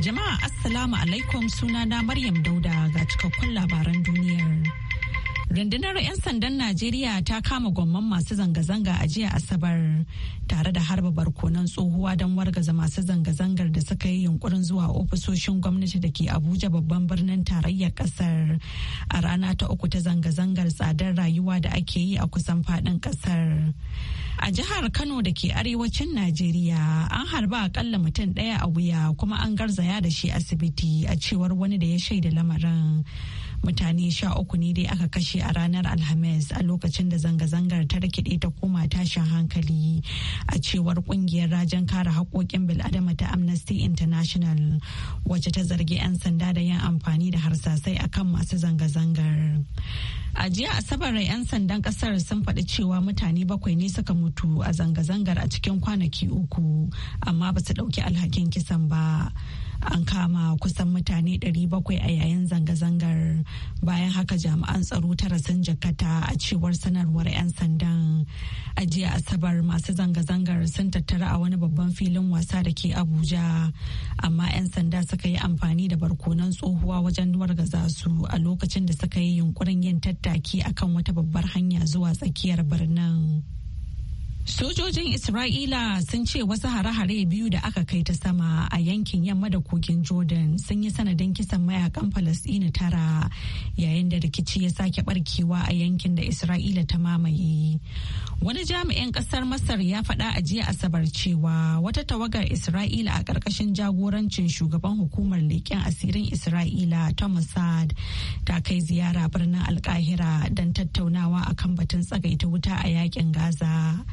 Jama'a Assalamu alaikum sunana Maryam Dauda ga cikakkun labaran duniyar. Rundunar 'yan sandan Najeriya ta kama gwamman masu zanga-zanga a jiya Asabar tare da harba barkonan tsohuwa don wargaza masu zanga-zangar da suka yi yunkurin zuwa ofisoshin gwamnati da ke Abuja babban birnin tarayyar ƙasar, a rana ta uku ta zanga-zangar tsadar rayuwa da ake yi a kusan faɗin ƙasar. A jihar Kano da ke arewacin Najeriya an harba akalla mutum ɗaya a wuya kuma an garzaya da shi asibiti a cewar wani da ya shaida lamarin. mutane sha uku ne dai aka kashe a ranar alhamis a lokacin da zanga-zangar ta rikide ta koma tashin hankali a cewar kungiyar rajin kare haƙoƙin bil'adama ta amnesty international wacce ta zargi 'yan sanda da yin amfani da harsasai akan masu zanga-zangar a jiya asabar 'yan sandan kasar sun faɗi cewa mutane bakwai ne suka mutu a zanga-zangar a cikin kwanaki uku amma ba su ɗauki alhakin kisan ba an kama kusan mutane 700 a yayin zanga-zangar bayan haka jami'an tsaro ta sun jakata a cewar sanarwar 'yan sandan a asabar masu zanga-zangar sun tattara a wani babban filin wasa da ke abuja amma 'yan sanda suka yi amfani da barkonan tsohuwa wajen wargaza su a lokacin da suka yi yunkurin yin tattaki akan wata babbar hanya zuwa tsakiyar birnin. Sojojin Isra'ila sun ce wasu hare-hare biyu da aka kai ta sama a yankin yamma da kogin Jordan sun yi sanadin kisan mayakan Falasɗina tara yayin da rikici ya sake barkewa a yankin da Isra'ila ta mamaye. Wani jami'in ƙasar Masar ya faɗa a jiya Asabar cewa wata tawagar Isra'ila a ƙarƙashin jagorancin shugaban hukumar leƙen asirin Isra'ila Thomas Saad, ta kai ziyara birnin Alƙahira don tattaunawa akan batun tsagaita wuta a yakin Gaza.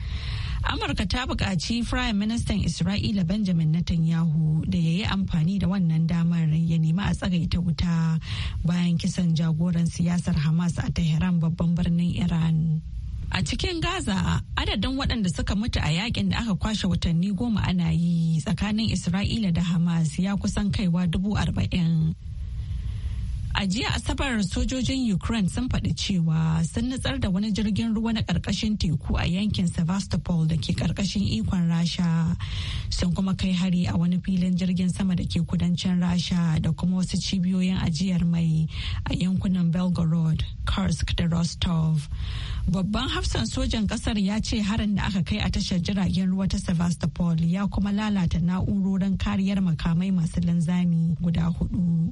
Amurka ta buƙaci Prime Minister Isra'ila Benjamin Netanyahu da ya yi amfani da wannan damar ya nemi a tsagaita wuta bayan kisan jagoran siyasar Hamas a Tehran babban birnin Iran. A cikin Gaza, adadin waɗanda suka mutu a yakin da aka kwashe watanni goma ana yi tsakanin Isra'ila da Hamas ya kusan kaiwa dubu arba'in. A jiya Asabar sojojin Ukraine sun faɗi cewa sun nutsar da wani jirgin ruwa na ƙarƙashin teku a yankin Sevastopol da ke ƙarƙashin ikon Rasha. Sun kuma kai hari a wani filin jirgin sama da ke kudancin Rasha da kuma wasu cibiyoyin ajiyar mai a yankunan Belgorod, Kursk da Rostov. Babban hafsan sojan ƙasar ya ce harin da aka kai a tashar jiragen ruwa ta Sevastopol ya kuma lalata na'urorin kariyar makamai masu linzami guda hudu.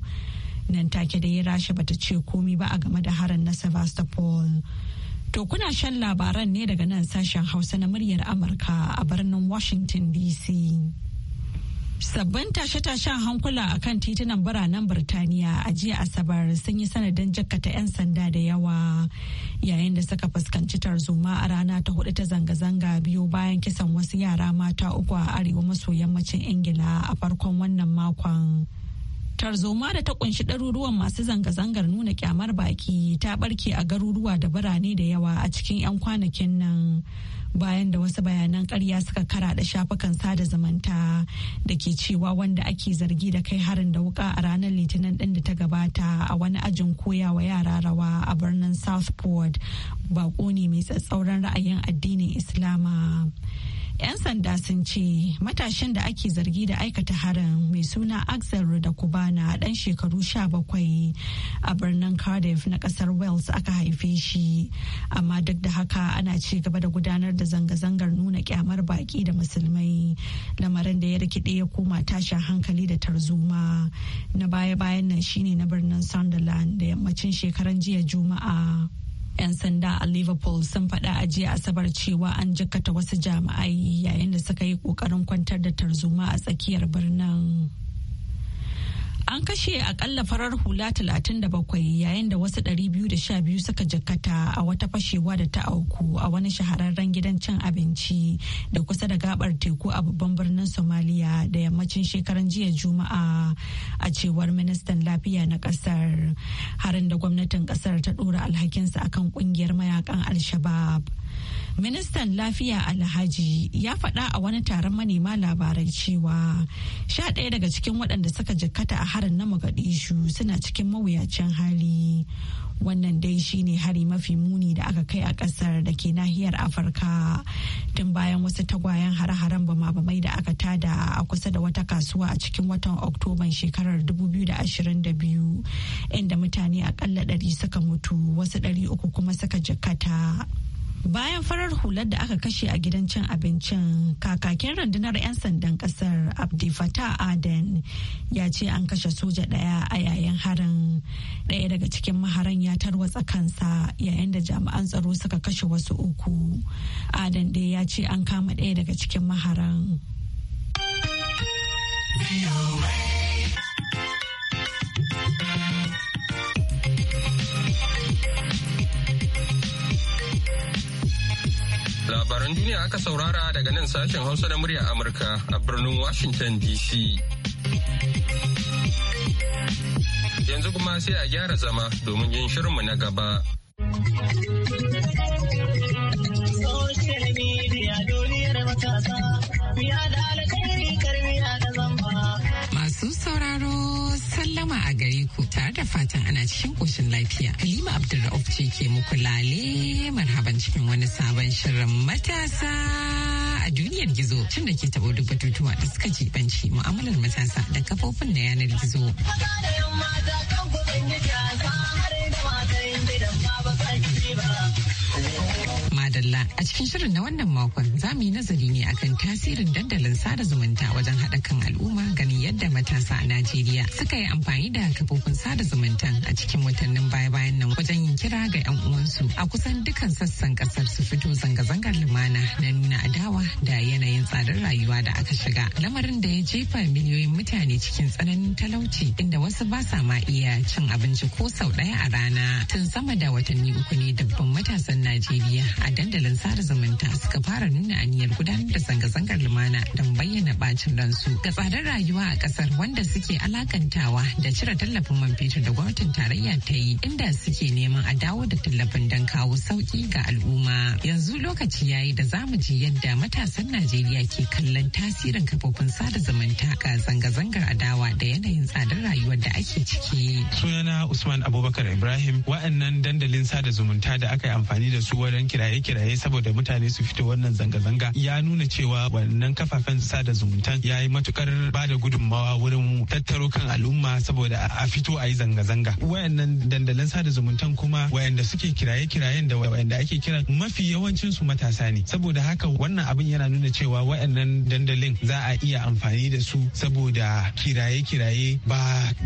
nan take ya rasha bata ce komi ba a game da harin na sevastopol to kuna shan labaran ne daga nan sashen hausa na muryar amurka a birnin washington dc Sabbin tashe-tashen hankula a kan titunan biranen Birtaniya a jiya Asabar sun yi sanadin jakkata 'yan sanda da yawa yayin da suka fuskanci tarzoma a rana ta hudu ta zanga-zanga biyu bayan kisan wasu yara mata uku a arewa maso yammacin Ingila a farkon wannan makon. tarzoma da ta kunshi ɗaruruwan masu zanga-zangar nuna kyamar baki ta barke a garuruwa da birane da yawa a cikin 'yan kwanakin nan bayan da wasu bayanan karya suka kara karaɗa shafukan sada zumunta da ke cewa wanda ake zargi da kai harin da wuka a ranar litinin ɗin da ta gabata a wani ajin koya wa yara rawa a birnin southport baƙo ne mai tsatsauran ra'ayin addinin islama 'Yan sanda sun ce matashin da ake zargi da aikata harin mai suna Axel da Kubana dan shekaru 17 a birnin Cardiff na kasar Wales aka haife shi. Amma duk da haka ana ci gaba da gudanar da zanga-zangar nuna kyamar baki da musulmai. Lamarin da ya rikide ya koma tashin hankali da tarzoma. Na baya-bayan nan shine na birnin Sunderland da yammacin shekaran jiya Juma'a. 'yan sanda a Liverpool sun faɗa a jiya Asabar cewa an jikkata wasu jami'ai yayin da suka yi ƙoƙarin kwantar da tarzoma a tsakiyar birnin. An kashe akalla farar hula 37 yayin da wasu 212 suka jakata a wata fashewa da ta auku a wani shahararren gidan cin abinci da kusa da gabar teku a babban birnin Somaliya da yammacin shekaran jiya Juma'a a cewar ministan lafiya na kasar. Harin da gwamnatin kasar ta dora alhakinsa akan kungiyar mayakan Al-Shabaab. ministan lafiya alhaji ya faɗa a wani taron manema labarai cewa sha ɗaya daga cikin waɗanda suka jikkata a harin na mogadishu suna cikin mawuyacin hali wannan dai shine hari mafi muni da aka kai a ƙasar da ke nahiyar afirka tun bayan wasu tagwayen hare-haren bama-bamai da aka tada a kusa da wata kasuwa a cikin watan oktoban shekarar 2022 inda mutane akalla 100 suka mutu wasu 300 kuma suka jikkata. Bayan farar hular da aka kashe a gidan cin abincin, kakakin rundunar 'yan sandan kasar Abdi fata Aden ya ce an kashe soja ɗaya a yayin harin. Ɗaya daga cikin maharan ya tarwatsa kansa yayin da jami'an tsaro suka kashe wasu uku. Aden ɗaya ya ce an kama ɗaya daga cikin maharan. Labaran duniya aka saurara daga nan sashen Hausa da murya Amurka a birnin Washington DC. Yanzu kuma sai a gyara zama domin yin shirinmu na gaba. da fatan ana cikin ƙoshin lafiya. Halima Abdulrauf ce ke muku lale marhaban cikin wani sabon shirin matasa a duniyar gizo tun da ke taɓo duk batutuwa da suka jibanci mu'amalar matasa da kafofin na yanar gizo. Thank you. A cikin shirin na wannan makon za mu yi nazari ne akan tasirin dandalin sada zumunta wajen haɗa kan al'umma ganin yadda matasa a Najeriya suka yi amfani da kafofin sada zumunta a cikin watannin baya-bayan nan wajen yin kira ga 'yan uwansu a kusan dukkan sassan kasar su fito zanga-zangar lumana na nuna adawa da yanayin tsadar rayuwa da aka shiga. Lamarin da ya jefa miliyoyin mutane cikin tsananin talauci inda wasu ba sa ma iya cin abinci ko sau ɗaya a rana tun sama da watanni uku ne dabban matasan Najeriya a dandalin dandalin sada zumunta suka fara nuna aniyar gudanar da zanga-zangar lumana don bayyana bacin ransu ga tsadar rayuwa a kasar wanda suke alakantawa da cire tallafin man fetur da gwamnatin tarayya ta yi inda suke neman a dawo da tallafin don kawo sauki ga al'umma yanzu lokaci ya yi da zamu ji yadda matasan Najeriya ke kallon tasirin kafofin sada zumunta ga zanga-zangar adawa da yanayin tsadar rayuwar da ake ciki sunana Usman Abubakar Ibrahim wa'annan dandalin sada zumunta da aka yi amfani da su wajen kiraye-kiraye tsaye saboda mutane su fito wannan zanga-zanga ya nuna cewa wannan kafafen sada zumuntan ya yi matukar ba da gudunmawa wurin tattaro kan al'umma saboda a fito a yi zanga-zanga wayannan dandalin sada zumuntan kuma wayanda suke kiraye-kirayen da wayanda ake kira mafi yawancin su matasa ne saboda haka wannan abin yana nuna cewa wayannan dandalin za a iya amfani da su saboda kiraye-kiraye ba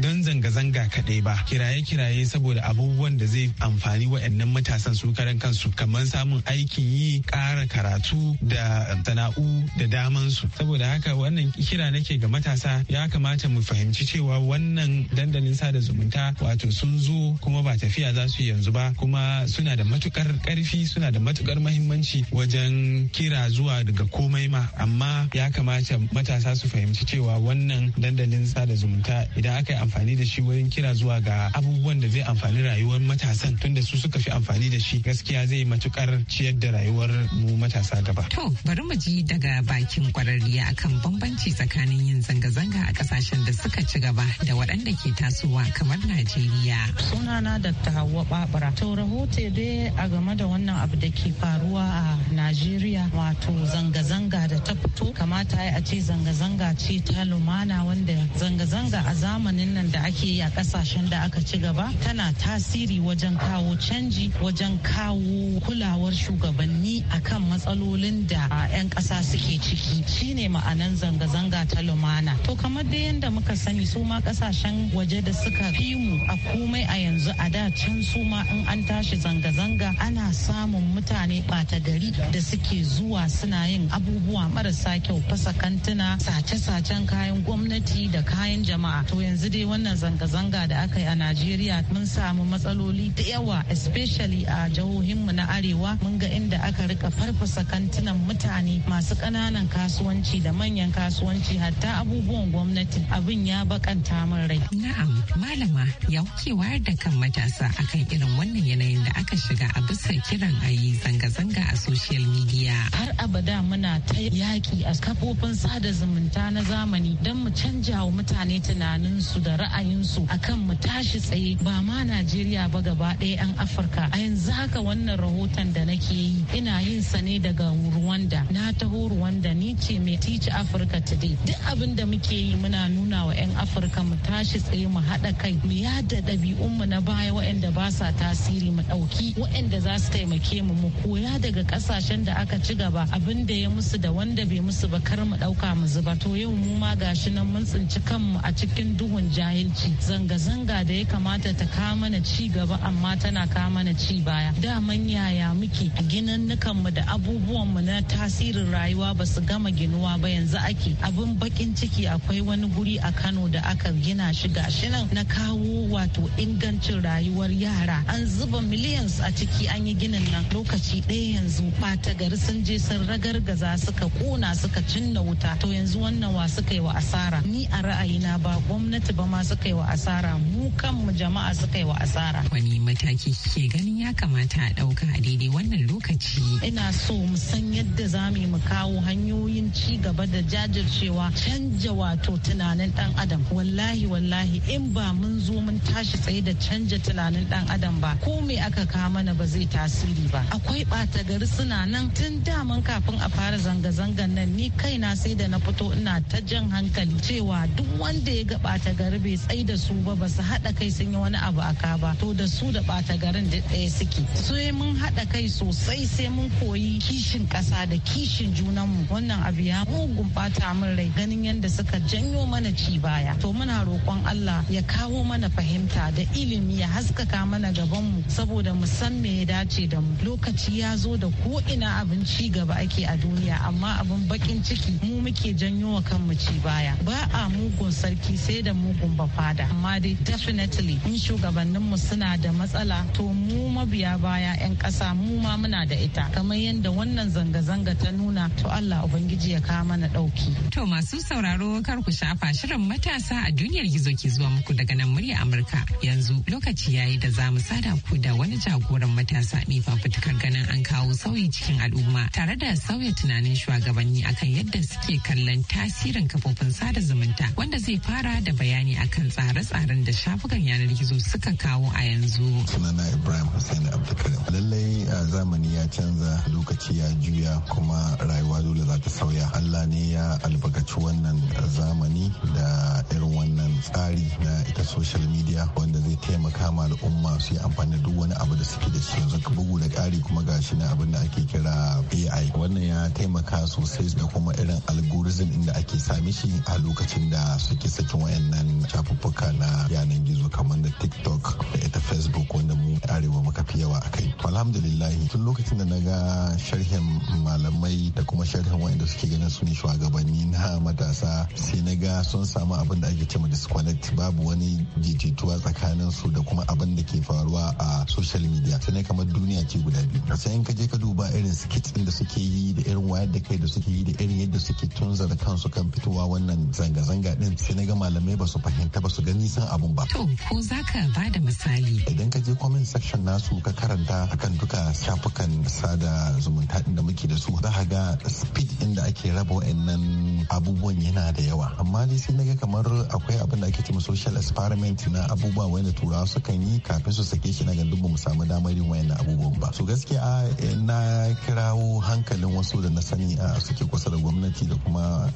don zanga-zanga kadai ba kiraye-kiraye saboda abubuwan da zai amfani wayannan matasan su karan kansu kamar samun aiki aikin yi ƙara karatu da sana'u da damansu saboda haka wannan kira nake ga matasa ya kamata mu fahimci cewa wannan dandalin sada zumunta wato sun zo kuma ba tafiya za su yanzu ba kuma suna da matukar karfi suna da matukar mahimmanci wajen kira zuwa daga komai ma amma ya kamata matasa su fahimci cewa wannan dandalin sada zumunta idan aka yi amfani da shi wurin kira zuwa ga abubuwan da zai amfani rayuwar matasan tunda su suka fi amfani da shi gaskiya zai matukar ciyar da da rayuwar mu matasa gaba. To bari mu ji daga bakin kwararriya akan bambanci tsakanin yin zanga-zanga a kasashen da suka ci gaba da waɗanda ke tasowa kamar Najeriya. Sunana Dr. Hauwa Babura. To rahoto dai a game da wannan abu da ke faruwa a Najeriya wato zanga-zanga da ta fito kamata a ce zanga-zanga ce ta lumana wanda zanga-zanga a zamanin nan da ake yi a kasashen da aka ci gaba tana tasiri wajen kawo canji wajen kawo kulawar shugaba shugabanni kan matsalolin da 'yan ƙasa suke ciki shine ma'anan zanga-zanga ta lumana to kamar da yadda muka sani su ma ƙasashen waje da suka fi mu a komai a yanzu a da can su ma in an tashi zanga-zanga ana samun mutane ɓata gari da suke zuwa suna yin abubuwa marasa kyau fasa kantuna sace-sacen kayan gwamnati da kayan jama'a to yanzu dai wannan zanga-zanga da aka yi a najeriya mun samu matsaloli da yawa especially a jihohinmu na arewa mun ga da aka rika farfasa kantinan mutane masu ƙananan kasuwanci da manyan kasuwanci hatta abubuwan gwamnati abin ya bakanta min rai. Na'am, malama ya wuce wayar da kan matasa akan irin wannan yanayin da aka shiga a bisa kiran a yi zanga-zanga a social media. Har abada muna ta yaƙi a kafofin sada zumunta na zamani don mu canja wa mutane tunaninsu da ra'ayinsu akan mu tashi tsaye ba ma Najeriya ba gaba ɗaya 'yan Afirka. A yanzu haka wannan rahoton da nake yi ina yin sa ne daga Rwanda na taho Rwanda ni ce mai Teach Africa Today duk abin da muke yi muna nuna wa 'yan Afirka mu tashi tsaye mu haɗa kai mu yada ɗabi'un mu na baya waɗanda ba sa tasiri mu ɗauki waɗanda za su taimake mu mu koya daga ƙasashen da aka ci gaba abin da ya musu da wanda bai musu ba kar mu ɗauka mu zuba to yau mu ma gashi nan mun tsinci kanmu a cikin duhun jahilci zanga-zanga da ya kamata ta kama mana ci gaba amma tana kama mana ci baya daman yaya muke gina mu da abubuwanmu na tasirin rayuwa ba su gama ginuwa ba yanzu ake abin bakin ciki akwai wani guri a kano da aka gina shi gashi nan na kawo wato ingancin rayuwar yara an zuba millions a ciki an yi ginin nan lokaci ɗaya yanzu ɓata gari sun je sun ragar ragargaza suka kona suka cinna wuta to yanzu wannan wa suka yi wa asara ni a ra'ayina ba gwamnati ba ma suka yi wa asara mu kanmu jama'a suka yi wa asara wani mataki ke ganin ya kamata a ɗauka a daidai wannan lokaci lokaci ina so mu san yadda za mu mu kawo hanyoyin ci gaba da jajircewa canja wato tunanin dan adam wallahi wallahi in ba mun zo mun tashi tsaye da canja tunanin dan adam ba ko me aka kawo mana ba zai tasiri ba akwai bata gari suna nan tun daman kafin a fara zanga-zangan nan ni kai na sai da na fito ina ta jan hankali cewa duk wanda ya ga bata gari bai tsai da su ba ba su haɗa kai sun yi wani abu a ka ba to da su da bata garin da ɗaya suke sai mun haɗa kai sosai sai sai mun koyi kishin kasa da kishin junanmu wannan abu ya mugun bata min rai ganin yadda suka janyo mana ci baya to muna roƙon Allah ya kawo mana fahimta da ilimi ya haskaka mana gabanmu saboda mu san me ya dace da mu lokaci ya zo da ko ina abin ci gaba ake a duniya amma abin bakin ciki mu muke janyo wa kanmu ci baya ba a mugun sarki sai da mugun bafada amma dai definitely in shugabanninmu suna da matsala to mu mabiya baya 'yan kasa mu ma muna da ita kamar yadda wannan zanga-zanga ta nuna to Allah ubangiji ya kawo mana ɗauki. To masu sauraro kar ku shafa shirin matasa a duniyar gizo ke zuwa muku daga nan murya Amurka yanzu lokaci ya yi da za mu sada ku da wani jagoran matasa mai fafutukar ganin an kawo sauyi cikin al'umma tare da sauya tunanin shugabanni akan yadda suke kallon tasirin kafofin sada zumunta wanda zai fara da bayani akan tsare-tsaren da shafukan yanar gizo suka kawo a yanzu. Sunana Ibrahim Hussein Abdulkarim. Lallai a zamani ya canza lokaci ya juya kuma rayuwa dole za ta sauya allah ne ya albarkaci wannan zamani da irin wannan tsari na ita social media wanda zai taimaka ma al'umma su yi amfani da duk wani abu da suke da shi yanzu bugu da ƙari kuma ga shi na abin da ake kira ai wannan ya taimaka sosai da kuma irin algorithm inda ake sami shi a lokacin da suke sakin wayannan shafuffuka na yanar gizo kamar da tiktok da ita facebook wanda mu arewa muka fi yawa a kai alhamdulillah tun lokacin lokacin da na ga sharhin malamai da kuma sharhin wa'anda suke ganin su ne shugabanni na matasa sai na ga sun samu abin da ake cewa disconnect babu wani jijituwa tsakanin su da kuma abin da ke faruwa a social media sai kamar duniya ce guda biyu sai in ka je ka duba irin skits da suke yi da irin wayar da kai da suke yi da irin yadda suke da kansu kan fitowa wannan zanga-zanga din sai na ga malamai ba su fahimta ba su gani nisan abun ba. To ko za ka ba da misali. Idan ka je comment section nasu ka karanta akan duka shafukan sada zumunta da muke da su za a ga speed inda ake raba wa'annan abubuwan yana da yawa amma dai sai naga kamar akwai abin da ake cewa social experiment na abubuwa wanda turawa sukan yi kafin su sake shi na gandun ba mu samu damar yin wa'annan abubuwan ba su gaskiya eh, na kirawo hankalin wasu da na sani a suke kusa da gwamnati da kuma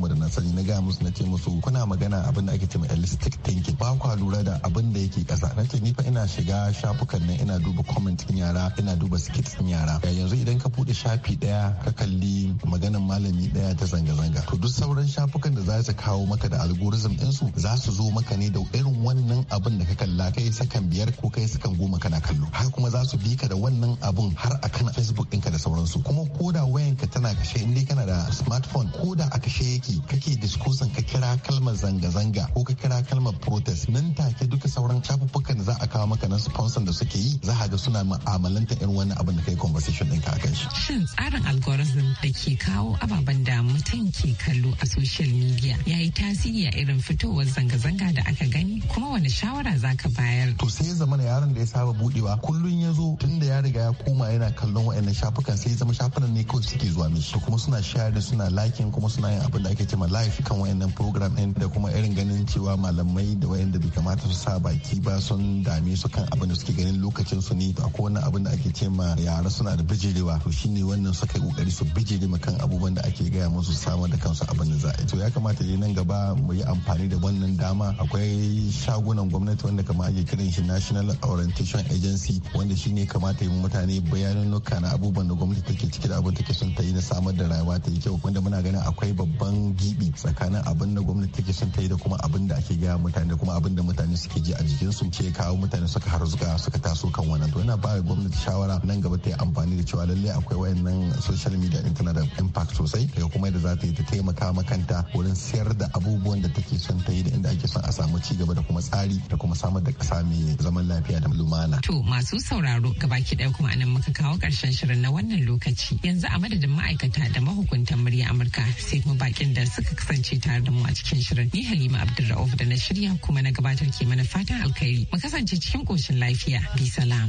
mu da na sani na gaya musu na ce musu kuna magana abin da ake cewa elastic thinking ba kwa lura da abin da yake kasa na ce ni fa ina shiga shafukan nan ina duba comment din yara ina duba skits kan yara eh, yanzu idan ka bude shafi daya ka kalli maganan malami daya ta zanga-zanga to duk sauran shafukan da za su kawo maka da algorithm ɗinsu za su zo maka ne da irin wannan abin da ka kalla kai sakan biyar ko kai sakan goma kana kallo har kuma za su bi ka da wannan abun har akan facebook ɗinka da sauransu kuma koda wayanka tana kashe in dai kana da smartphone koda a kashe yake kake discussion ka kira kalmar zanga-zanga ko ka kira kalmar protest nan take duka sauran shafukan da za a kawo maka na sponsor da suke yi za a ga suna ma'amalanta irin wannan abin da kai conversation ka shi. Shin tsarin algorithm da ke kawo ababen da mutum ke kallo a social media ya yi tasiri a irin fitowar zanga-zanga da aka gani kuma wani shawara za ka bayar? To sai ya zama da yaron da ya saba buɗewa kullum ya zo tun da ya riga ya koma yana kallon wa'annan shafukan sai ya zama shafukan ne kawai suke zuwa mishi kuma suna share suna liking kuma suna yin abin da ake cewa live kan wa'annan program ɗin da kuma irin ganin cewa malamai da wa'anda bai kamata su sa baki ba sun dame su kan abin da suke ganin lokacin su ne akwai wani abin da ake cewa ya tsare suna da bijirewa to shine wannan suka yi kokari su bijire kan abubuwan da ake gaya musu samar da kansu abin da za a to ya kamata ne nan gaba mu yi amfani da wannan dama akwai shagunan gwamnati wanda kama ake kiran shi national orientation agency wanda shine kamata yi mutane bayanannuka na abubuwan da gwamnati take ciki da abin take son ta yi na samar da rayuwa ta yi kyau wanda muna ganin akwai babban gibi tsakanin abin da gwamnati take son ta yi da kuma abin da ake gaya mutane da kuma abin da mutane suke ji a jikinsu ke kawo mutane suka harzuka suka taso kan wannan to yana ba gwamnati shawara nan gaba ta yi amfani da cewa lallai akwai wayannan social media din tana da impact sosai kai kuma yadda za ta yi ta taimaka makanta wurin siyar da abubuwan da take son ta yi da inda ake son a samu ci gaba da kuma tsari da kuma samar da kasa mai zaman lafiya da lumana. To masu sauraro gabaki ɗaya kuma anan muka kawo karshen shirin na wannan lokaci yanzu a madadin ma'aikata da mahukuntan murya Amurka sai kuma bakin da suka kasance tare da mu a cikin shirin ni Halima Abdulra'uf da na shirya kuma na gabatar ke mana fatan alkhairi mu kasance cikin koshin lafiya bi salam.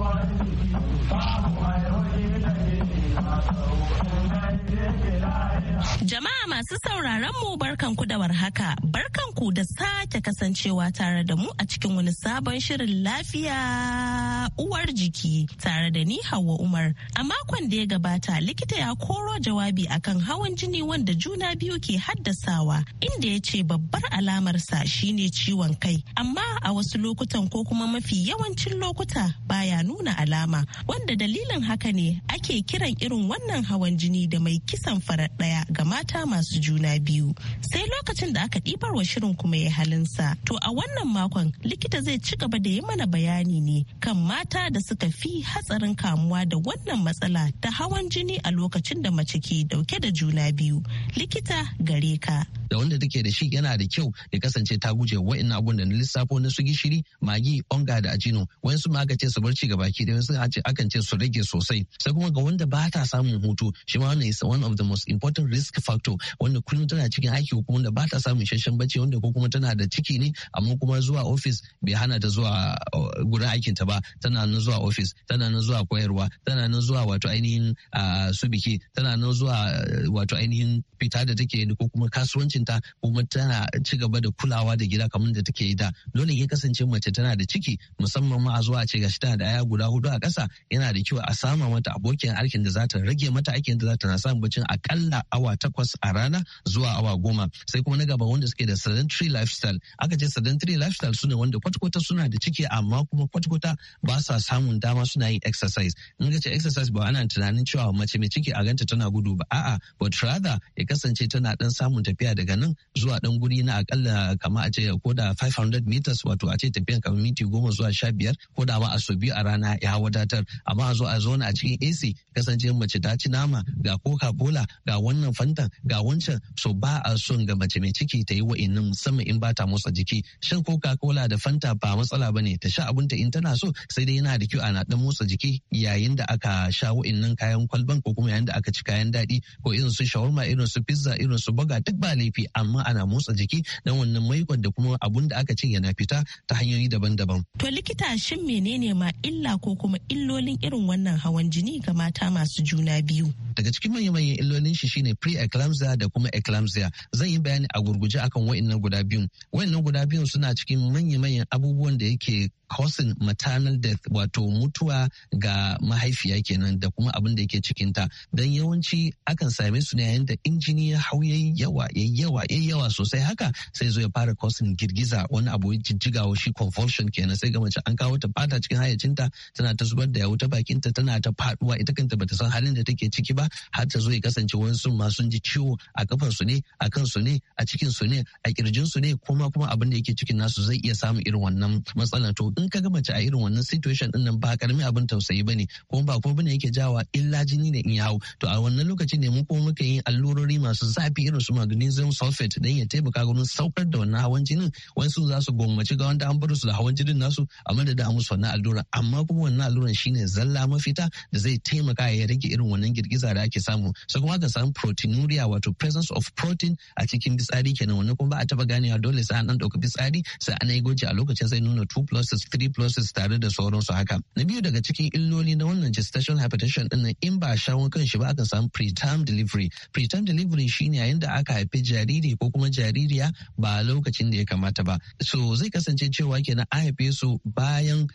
Jama'a masu sauraron mu barkanku da warhaka, barkanku da sake kasancewa tare da mu a cikin wani sabon shirin lafiya uwar jiki tare da ni Hauwa Umar. A makon da ya gabata likita ya koro jawabi akan hawan jini wanda juna biyu ke haddasawa inda ya ce babbar alamarsa shine ciwon kai. Amma a wasu lokutan ko kuma mafi yawancin lokuta baya nuna alama wanda dalilin haka ne ake kiran irin wannan hawan jini da mai kisan farar ɗaya ga mata masu juna biyu sai lokacin da aka ɗibar wa shirin kuma ya halinsa to a wannan makon likita zai ci gaba da yi mana bayani ne kan mata da suka fi hatsarin kamuwa da wannan matsala ta hawan jini a lokacin da mace ke dauke da juna biyu likita gare ka da wanda take da shi yana da kyau Da kasance ta guje wa'annan abun da na lissafo na su gishiri magi onga da ajino wayansu ma aka ce su barci ci gaba ki da wasu akan ce su rage sosai sai kuma ga wanda ba ta samun hutu shi ma wannan is one of the most important risk factor wanda kullum tana cikin aiki ko wanda ba ta samun isasshen bacci wanda ko kuma tana da ciki ne amma kuma zuwa office bai hana ta zuwa uh, gurin aikin ta ba tana nan zuwa office tana nan zuwa koyarwa tana nan zuwa wato ainihin uh, su biki tana nan zuwa uh, wato ainihin fita da take ko kuma kasuwancin mutuncinta kuma tana ci gaba da kulawa da gida kamar da take yi da dole ya kasance mace tana da ciki musamman ma a zuwa a ce gashi tana da aya guda hudu a kasa yana da kyau a sama mata abokin aikin da za ta rage mata aikin da za ta na samun bacin akalla awa takwas a rana zuwa awa goma sai kuma na gaba wanda suke da sedentary lifestyle aka ce sedentary lifestyle suna wanda kwatkwata suna da ciki amma kuma kwatkwata ba sa samun dama suna yin exercise in ka ce exercise ba ana tunanin cewa mace mai ciki a ganta tana gudu ba a'a but rather ya kasance tana dan samun tafiya daga daga zuwa dan guri na akalla kama a ce ko da 500 meters wato a ce tafiyan kamar minti goma zuwa sha biyar ko da ma a so biyu a rana ya wadatar amma a zo a zauna a cikin AC kasance mace ta ci nama ga coca cola ga wannan fanta ga wancan so ba a son ga mace mai ciki ta yi wa'innan sama in ba ta motsa jiki shan coca cola da fanta ba matsala ba ne ta sha abinta in tana so sai dai yana da kyau ana dan motsa jiki yayin da aka sha wa'innan kayan kwalban ko kuma yayin da aka ci kayan daɗi ko irin su shawarma irin su pizza irin su buga duk ba ne laifi amma ana motsa jiki dan wannan maikon da kuma abun da aka cinye yana fita ta hanyoyi daban-daban. To likita shin menene ma illa ko kuma illolin irin wannan hawan jini ga mata masu juna biyu? Daga cikin manya-manyan illolin shi shine pre-eclampsia da kuma eclampsia. Zan yi bayani a gurguje akan wa'annan guda biyun. Wa'annan guda biyun suna cikin manya-manyan abubuwan da yake causing maternal death wato mutuwa ga mahaifiya kenan da kuma abin da yake cikinta don yawanci akan same su ne yayin da injini ya hau yayi yawa yayi yawa yayi yawa sosai haka sai zo ya fara causing girgiza wani abu ya jijjigawa shi convulsion kenan sai ga mace an kawo ta fata cikin hayacinta tana ta zubar da yawu ta bakinta tana ta faduwa ita kanta bata san halin da take ciki ba har ta zo ya kasance wani sun ma sun ji ciwo a kafar su ne a kan su ne a cikin su ne a kirjin su ne kuma kuma abin da yake cikin nasu zai iya samun irin wannan matsalar to in ka ga mace a irin wannan situation din nan ba karami abin tausayi bane kuma ba ko bane yake jawa illa jini ne in ya hau to a wannan lokaci ne mu kuma muka yi allurori masu zafi irin su magnesium sulfate dan ya taimaka gurin saukar da wannan hawan jinin wasu za su gwammaci ga wanda an bar su da hawan jinin nasu a madadin da musu wannan allura amma kuma wannan alluran shine zalla mafita da zai taimaka ya rage irin wannan girgiza da ake samu sai kuma ka samu proteinuria wato presence of protein a cikin fitsari kenan wannan kuma ba a taba ganewa dole sai an dan dauki fitsari sai an yi gwaji a lokacin zai nuna 2 plus 3 tare da sauransu haka na biyu daga cikin illoli na wannan gestational hypertension din in ba shawon kan shi ba aka samu preterm delivery preterm delivery shine yayin da aka haifi jariri ko kuma jaririya ba lokacin da ya kamata ba so zai kasance cewa kenan a haife su bayan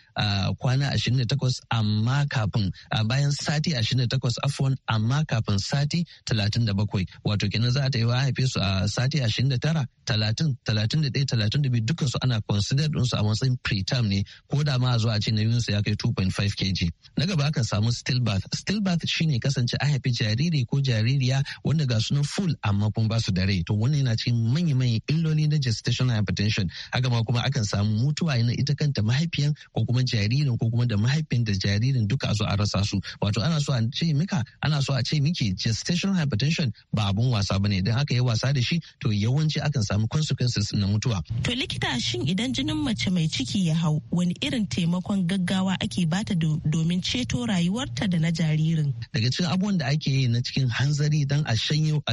kwana 28 amma kafin bayan sati 28 afwan amma kafin sati 37 wato kenan za ta yi wa haife su a sati 29 30 31 32 dukkan su ana consider din su a matsayin preterm ne ko da ma a zo a ce sa ya kai 2.5 kg na gaba aka samu stillbirth stillbirth shine kasance a haifi jariri ko jaririya wanda ga sunan full amma kuma ba su da rai to wannan yana cikin manya-manyan illoli na gestational hypertension haka ma kuma akan samu mutuwa na ita kanta mahaifiyan ko kuma jaririn ko kuma da mahaifiyan da jaririn duka zo a rasa su wato ana so a ce mika ana so a ce miki gestational hypertension ba abun wasa bane idan aka yi wasa da shi to yawanci akan samu consequences na mutuwa to likita shin idan jinin mace mai ciki ya hau wani irin taimakon gaggawa ake bata domin ceto rayuwarta da na jaririn. Daga cikin abubuwan da ake yi na cikin hanzari don a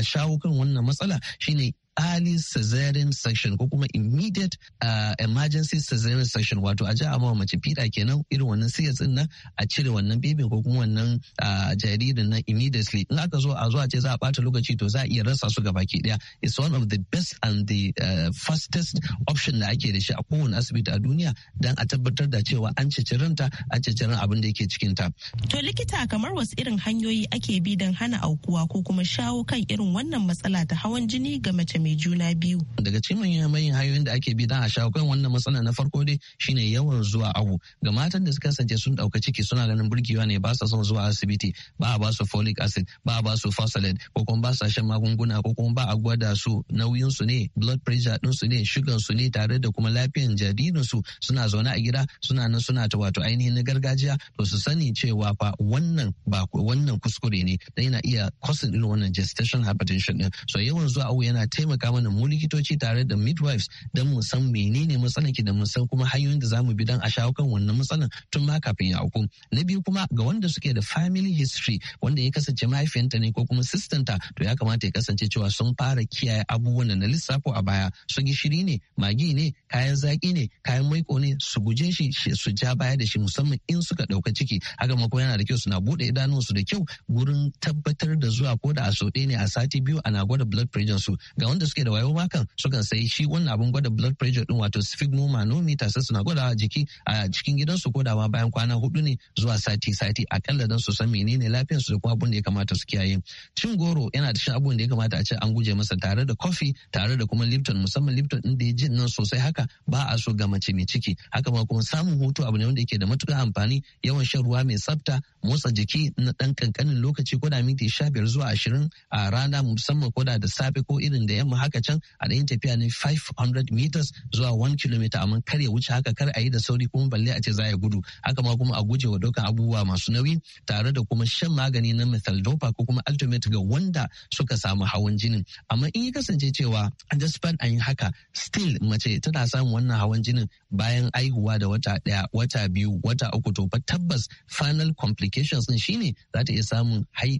shawo kan wannan matsala shine early cesarean section ko kuma immediate uh, emergency cesarean section wato a ji a mawa mace fiɗa kenan irin wannan siyas din nan a cire wannan bebin ko kuma wannan uh, jaririn nan immediately in aka zo a zo a ce za a bata lokaci to za a iya rasa su ke daya it's one of the best and the uh, fastest option da ake da shi a kowane asibiti a duniya dan a tabbatar da cewa an ceci ranta an ceci ran abin da yake cikin ta to likita kamar wasu irin hanyoyi ake bi don hana aukuwa ko kuma shawo kan irin wannan matsala ta hawan jini ga mace mai juna biyu. Daga cikin manyan manyan hanyoyin da ake bi don a shawo kan wannan matsala na farko dai shine yawan zuwa awo. Ga matan da suka kasance sun ɗauka ciki suna ganin burgewa ne ba sa son zuwa asibiti ba a ba su folic acid ba a ba su fasalid ko kuma ba sa shan magunguna ko kuma ba a gwada su nauyin su ne blood pressure din su ne sugar su ne tare da kuma lafiyan jaririn su suna zaune a gida suna nan suna ta wato ainihin na gargajiya to su sani cewa fa wannan ba wannan kuskure ne dan yana iya causing irin wannan gestation hypertension din so yawan zuwa awo yana taimaka taimaka mana mu likitoci tare da midwives don mu san menene matsalar ki da mu san kuma hanyoyin da zamu bi don a shawo kan wannan matsalan tun ma kafin ya auku na biyu kuma ga wanda suke da family history wanda ya kasance mahaifiyanta ne ko kuma sistanta to ya kamata ya kasance cewa sun fara kiyaye abubuwan da na lissafo a baya su gishiri ne magi ne kayan zaki ne kayan maiko ne su guje shi su ja baya da shi musamman in suka ɗauka ciki haka mako yana da kyau suna buɗe idanunsu da kyau gurin tabbatar da zuwa ko da a so ne a sati biyu ana gwada blood pressure su ga wanda wanda suke da wayo makan sukan sayi shi wannan abun gwada blood pressure din wato sphygmomanometer sai suna gwada jiki a cikin gidansu ko da ma bayan kwana hudu ne zuwa sati sati a akalla dan su san menene lafiyar su da kuma abun da ya kamata su kiyaye cin goro yana da shin abun da ya kamata a ce an guje masa tare da coffee tare da kuma lipton musamman lipton din da ya jin nan sosai haka ba a so ga mace mai ciki haka ma kuma samun hutu abu ne wanda yake da matukar amfani yawan shan ruwa mai tsafta motsa jiki na dan kankanin lokaci ko da minti sha biyar zuwa ashirin a rana musamman ko da safe ko irin da yamma kuma haka can a ɗayan tafiya ne 500 meters zuwa 1 km amma kar ya wuce haka kar a yi da sauri kuma balle a ce za ya gudu haka ma kuma a guje wa dukkan abubuwa masu nauyi tare da kuma shan magani na methaldopa ko kuma ultimate ga wanda suka samu hawan jinin amma in ya kasance cewa despite an yi haka still mace tana samun wannan hawan jinin bayan aihuwa da wata ɗaya wata biyu wata uku to fa tabbas final complications din shine za ta iya samun high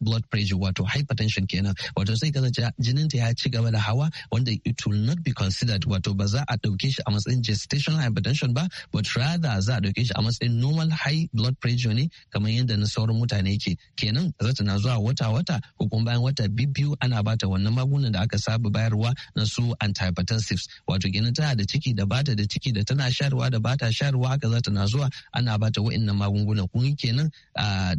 blood pressure wato hypertension kenan wato sai kasance jinin ta ya ci gaba da hawa wanda it will not be considered wato ba za a ɗauke shi a matsayin gestational hypertension ba but rather za a ɗauke shi a matsayin normal high blood pressure ne kamar yadda na sauran mutane ke kenan za ta na zuwa wata-wata ko kuma bayan wata biyu ana bata wannan magunan da aka saba bayarwa na su antihypertensives wato kenan tana da ciki da bata da ciki da tana sharwa da bata sharwa haka za ta na zuwa ana bata wa'annan magunguna kun kenan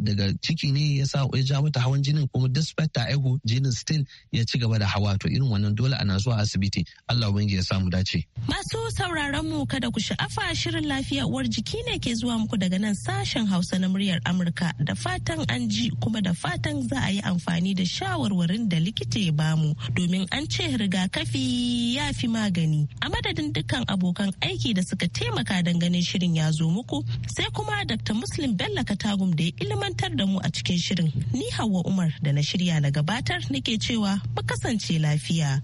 daga ciki ne ya sa ya ja mata hawan jinin kuma despite ta ego jinin still ya ci gaba da hawa to irin wannan dole ana zuwa asibiti Allah ubangi ya samu dace masu sauraron mu kada ku sha'afa shirin lafiya uwar jiki ne ke zuwa muku daga nan sashen Hausa na muryar Amurka da fatan an ji kuma da fatan za a yi amfani da shawarwarin da likita ya bamu domin an ce rigakafi ya fi magani a madadin dukkan abokan aiki da suka taimaka dangane shirin ya zo muku sai kuma Dr. Muslim Bello Katagum da ya ilmantar da mu a cikin shirin ni Hauwa Umar da na shirya na gabatar nake cewa mu kasance wanye lafiya.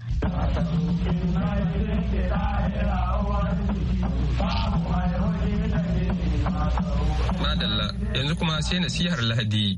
Madalla yanzu kuma sai nasihar Lahadi.